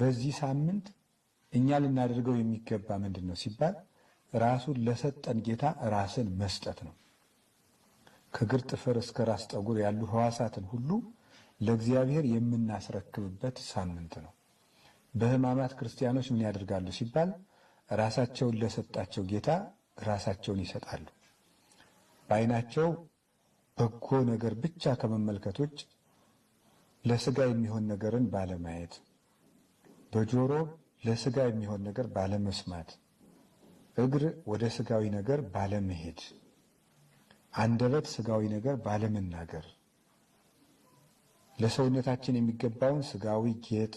በዚህ ሳምንት እኛ ልናደርገው የሚገባ ምንድን ነው ሲባል ራሱን ለሰጠን ጌታ ራስን መስጠት ነው። ከእግር ጥፍር እስከ ራስ ጠጉር ያሉ ህዋሳትን ሁሉ ለእግዚአብሔር የምናስረክብበት ሳምንት ነው። በህማማት ክርስቲያኖች ምን ያደርጋሉ ሲባል ራሳቸውን ለሰጣቸው ጌታ ራሳቸውን ይሰጣሉ። በአይናቸው በጎ ነገር ብቻ ከመመልከት ውጭ ለስጋ የሚሆን ነገርን ባለማየት በጆሮ ለስጋ የሚሆን ነገር ባለመስማት፣ እግር ወደ ስጋዊ ነገር ባለመሄድ፣ አንደበት ስጋዊ ነገር ባለመናገር፣ ለሰውነታችን የሚገባውን ስጋዊ ጌጥ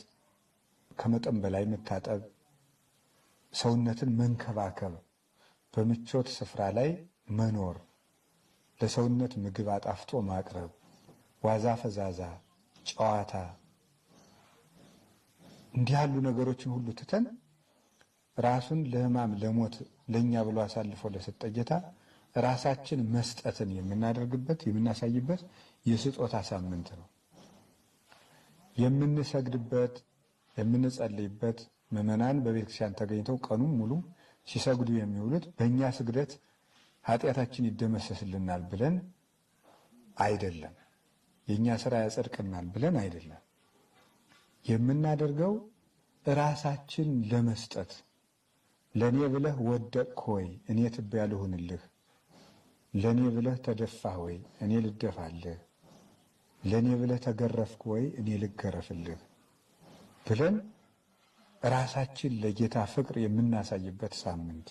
ከመጠን በላይ መታጠብ፣ ሰውነትን መንከባከብ፣ በምቾት ስፍራ ላይ መኖር፣ ለሰውነት ምግብ አጣፍጦ ማቅረብ፣ ዋዛ ፈዛዛ ጨዋታ እንዲህ ያሉ ነገሮችን ሁሉ ትተን ራሱን ለሕማም ለሞት ለእኛ ብሎ አሳልፎ ለሰጠ ጌታ ራሳችን መስጠትን የምናደርግበት የምናሳይበት የስጦታ ሳምንት ነው። የምንሰግድበት፣ የምንጸልይበት ምዕመናን በቤተክርስቲያን ተገኝተው ቀኑን ሙሉ ሲሰግዱ የሚውሉት በእኛ ስግደት ኃጢአታችን ይደመሰስልናል ብለን አይደለም። የእኛ ስራ ያጸድቅናል ብለን አይደለም። የምናደርገው ራሳችን ለመስጠት ለእኔ ብለህ ወደቅ ወይ እኔ ትቢያ ልሁንልህ፣ ለእኔ ብለህ ተደፋህ ወይ እኔ ልደፋልህ፣ ለእኔ ብለህ ተገረፍክ ወይ እኔ ልገረፍልህ ብለን ራሳችን ለጌታ ፍቅር የምናሳይበት ሳምንት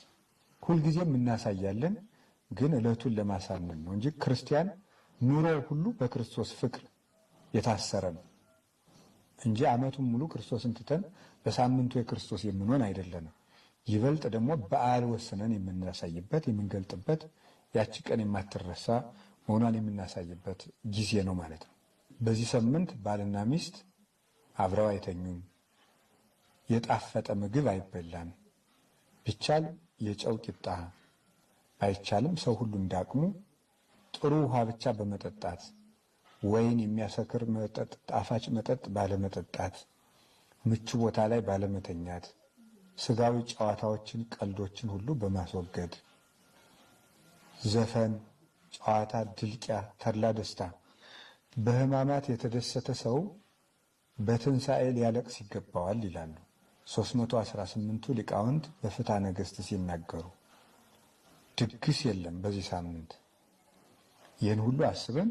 ሁልጊዜም እናሳያለን። ግን ዕለቱን ለማሳመን ነው እንጂ ክርስቲያን ኑሮው ሁሉ በክርስቶስ ፍቅር የታሰረ ነው። እንጂ ዓመቱን ሙሉ ክርስቶስን ትተን በሳምንቱ የክርስቶስ የምንሆን አይደለንም። ይበልጥ ደግሞ በዓል ወስነን የምናሳይበት የምንገልጥበት፣ ያቺ ቀን የማትረሳ መሆኗን የምናሳይበት ጊዜ ነው ማለት ነው። በዚህ ሳምንት ባልና ሚስት አብረው አይተኙም። የጣፈጠ ምግብ አይበላም። ቢቻል የጨው ቂጣ ባይቻልም ሰው ሁሉ እንዳቅሙ ጥሩ ውሃ ብቻ በመጠጣት ወይን የሚያሰክር መጠጥ፣ ጣፋጭ መጠጥ ባለመጠጣት፣ ምቹ ቦታ ላይ ባለመተኛት፣ ስጋዊ ጨዋታዎችን፣ ቀልዶችን ሁሉ በማስወገድ ዘፈን፣ ጨዋታ፣ ድልቂያ፣ ተድላ ደስታ። በህማማት የተደሰተ ሰው በትንሣኤ ሊያለቅስ ይገባዋል ይላሉ 318ቱ ሊቃውንት በፍትሐ ነገሥት ሲናገሩ። ድግስ የለም በዚህ ሳምንት። ይህን ሁሉ አስበን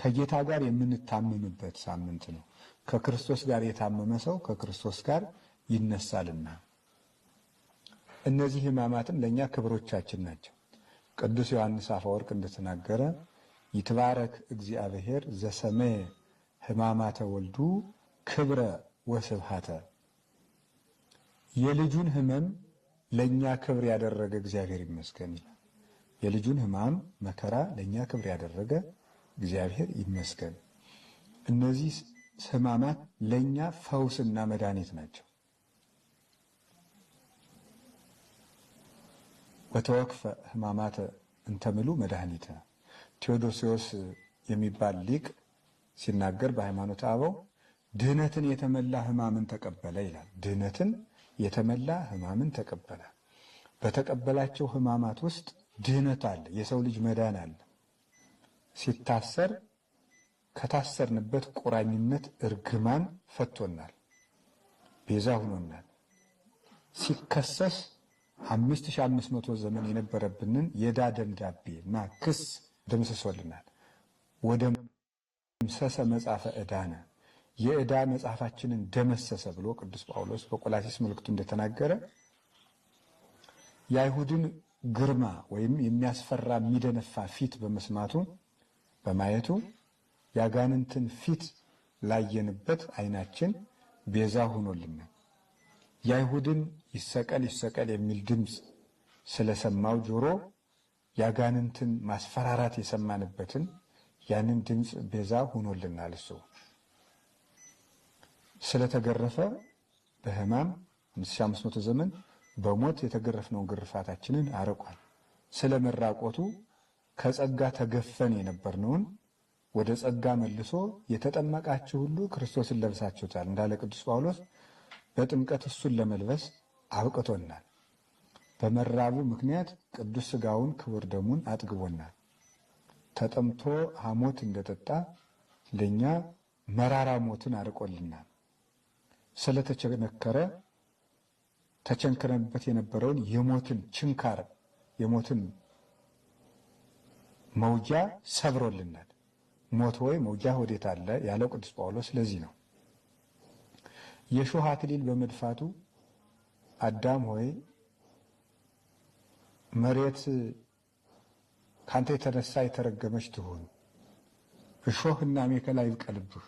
ከጌታ ጋር የምንታመምበት ሳምንት ነው። ከክርስቶስ ጋር የታመመ ሰው ከክርስቶስ ጋር ይነሳልና እነዚህ ሕማማትም ለእኛ ክብሮቻችን ናቸው። ቅዱስ ዮሐንስ አፈወርቅ እንደተናገረ ይትባረክ እግዚአብሔር ዘሰመየ ሕማማተ ወልዱ ክብረ ወስብሃተ የልጁን ሕመም ለእኛ ክብር ያደረገ እግዚአብሔር ይመስገን ይላል። የልጁን ሕማም መከራ ለእኛ ክብር ያደረገ እግዚአብሔር ይመስገን። እነዚህ ሕማማት ለእኛ ፈውስና መድኃኒት ናቸው። ወተወክፈ ሕማማተ እንተምሉ መድኃኒተ ቴዎዶሲዎስ የሚባል ሊቅ ሲናገር በሃይማኖት አበው ድህነትን የተመላ ሕማምን ተቀበለ ይላል። ድህነትን የተመላ ሕማምን ተቀበለ። በተቀበላቸው ሕማማት ውስጥ ድህነት አለ፣ የሰው ልጅ መዳን አለ። ሲታሰር ከታሰርንበት ቁራኝነት እርግማን ፈቶናል፣ ቤዛ ሆኖናል። ሲከሰስ 5500 ዘመን የነበረብንን የዳ ደብዳቤ እና ክስ ደምስሶልናል። ወደ ምሰሰ መጽሐፈ ዕዳነ የዕዳ መጽሐፋችንን ደመሰሰ ብሎ ቅዱስ ጳውሎስ በቆላሲስ መልእክቱ እንደተናገረ የአይሁድን ግርማ ወይም የሚያስፈራ የሚደነፋ ፊት በመስማቱ በማየቱ ያጋንንትን ፊት ላየንበት አይናችን ቤዛ ሆኖልናል። የአይሁድን ይሰቀል ይሰቀል የሚል ድምፅ ስለሰማው ጆሮ ያጋንንትን ማስፈራራት የሰማንበትን ያንን ድምፅ ቤዛ ሆኖልናል። እሱ ስለተገረፈ በሕማም 5500 ዘመን በሞት የተገረፍነውን ግርፋታችንን አርቋል። ስለመራቆቱ ከጸጋ ተገፈን የነበርነውን ወደ ጸጋ መልሶ የተጠመቃችሁ ሁሉ ክርስቶስን ለብሳችሁታል እንዳለ ቅዱስ ጳውሎስ በጥምቀት እሱን ለመልበስ አብቅቶናል። በመራቡ ምክንያት ቅዱስ ሥጋውን ክቡር ደሙን አጥግቦናል። ተጠምቶ ሐሞት እንደጠጣ ለእኛ መራራ ሞትን አርቆልናል። ስለተቸነከረ ተቸንክረንበት የነበረውን የሞትን ችንካር የሞትን መውጃ ሰብሮልናል። ሞት ወይ መውጃ ወዴት አለ ያለው ቅዱስ ጳውሎስ ስለዚህ ነው። የእሾህ አክሊል በመድፋቱ አዳም ሆይ መሬት ካንተ የተነሳ የተረገመች ትሆን እሾህና አሜከላ ይብቀልብህ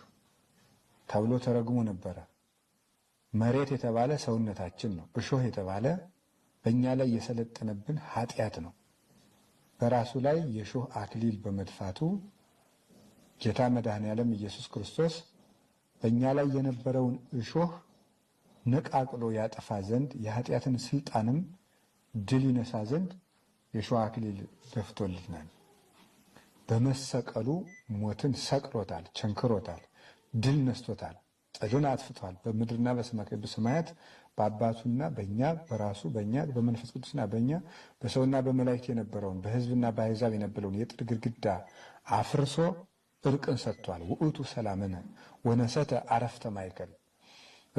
ተብሎ ተረግሞ ነበረ። መሬት የተባለ ሰውነታችን ነው። እሾህ የተባለ በእኛ ላይ የሰለጠነብን ኃጢአት ነው። በራሱ ላይ የሾህ አክሊል በመድፋቱ ጌታ መድኃኔ ያለም ኢየሱስ ክርስቶስ በእኛ ላይ የነበረውን እሾህ ነቃቅሎ ያጠፋ ዘንድ የኃጢአትን ስልጣንም ድል ይነሳ ዘንድ የሾህ አክሊል ደፍቶልናል። በመሰቀሉ ሞትን ሰቅሮታል፣ ቸንክሮታል፣ ድል ነስቶታል፣ ጥልን አጥፍቷል። በምድርና በሰማያት በአባቱና በእኛ በራሱ በእኛ በመንፈስ ቅዱስና በእኛ በሰውና በመላእክት የነበረውን በህዝብና በአሕዛብ የነበረውን የጥል ግድግዳ አፍርሶ እርቅን ሰጥቷል። ውእቱ ሰላምነ ወነሰተ አረፍተ ማይከል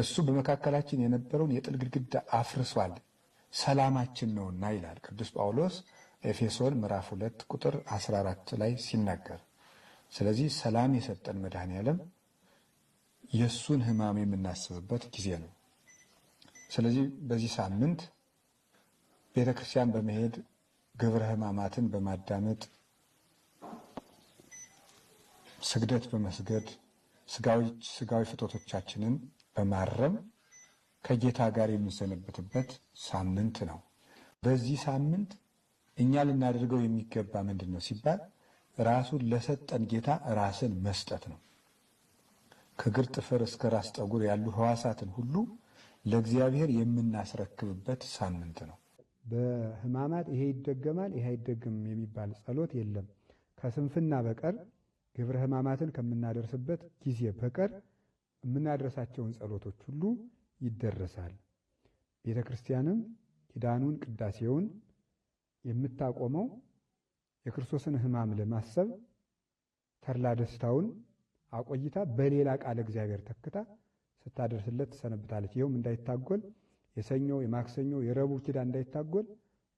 እሱ በመካከላችን የነበረውን የጥል ግድግዳ አፍርሷል፣ ሰላማችን ነውና ይላል ቅዱስ ጳውሎስ ኤፌሶን ምዕራፍ 2 ቁጥር 14 ላይ ሲናገር። ስለዚህ ሰላም የሰጠን መድኃኔ ዓለም የእሱን ህማም የምናስብበት ጊዜ ነው። ስለዚህ በዚህ ሳምንት ቤተ ክርስቲያን በመሄድ ግብረ ሕማማትን በማዳመጥ ስግደት በመስገድ ስጋዊ ፍጦቶቻችንን በማረም ከጌታ ጋር የምንሰነበትበት ሳምንት ነው። በዚህ ሳምንት እኛ ልናደርገው የሚገባ ምንድን ነው ሲባል ራሱን ለሰጠን ጌታ ራስን መስጠት ነው። ከግር ጥፍር እስከ ራስ ጠጉር ያሉ ህዋሳትን ሁሉ ለእግዚአብሔር የምናስረክብበት ሳምንት ነው። በሕማማት ይሄ ይደገማል፣ ይሄ አይደገምም የሚባል ጸሎት የለም። ከስንፍና በቀር ግብረ ሕማማትን ከምናደርስበት ጊዜ በቀር የምናደርሳቸውን ጸሎቶች ሁሉ ይደረሳል። ቤተ ክርስቲያንም ኪዳኑን ቅዳሴውን የምታቆመው የክርስቶስን ሕማም ለማሰብ ተድላ ደስታውን አቆይታ በሌላ ቃል እግዚአብሔር ተክታ ስታደርስለት ትሰነብታለች። ይኸውም እንዳይታጎል የሰኞ የማክሰኞ የረቡዕ ኪዳን እንዳይታጎል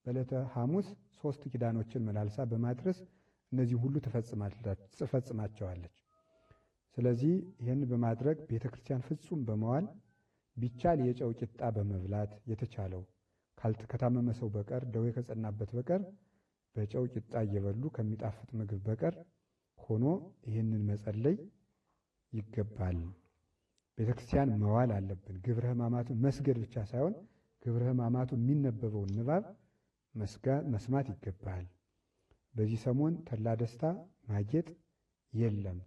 በዕለተ ሐሙስ ሶስት ኪዳኖችን መላልሳ በማድረስ እነዚህ ሁሉ ትፈጽማቸዋለች። ስለዚህ ይህን በማድረግ ቤተ ክርስቲያን ፍጹም በመዋል ቢቻል የጨው ቂጣ በመብላት የተቻለው ከታመመ ሰው በቀር ደዌ ከጸናበት በቀር በጨው ቂጣ እየበሉ ከሚጣፍጥ ምግብ በቀር ሆኖ ይህንን መጸለይ ይገባል። ቤተክርስቲያን መዋል አለብን። ግብረ ሕማማቱ መስገድ ብቻ ሳይሆን ግብረ ሕማማቱ የሚነበበውን ንባብ መስማት ይገባል። በዚህ ሰሞን ተላ ደስታ ማጌጥ የለም።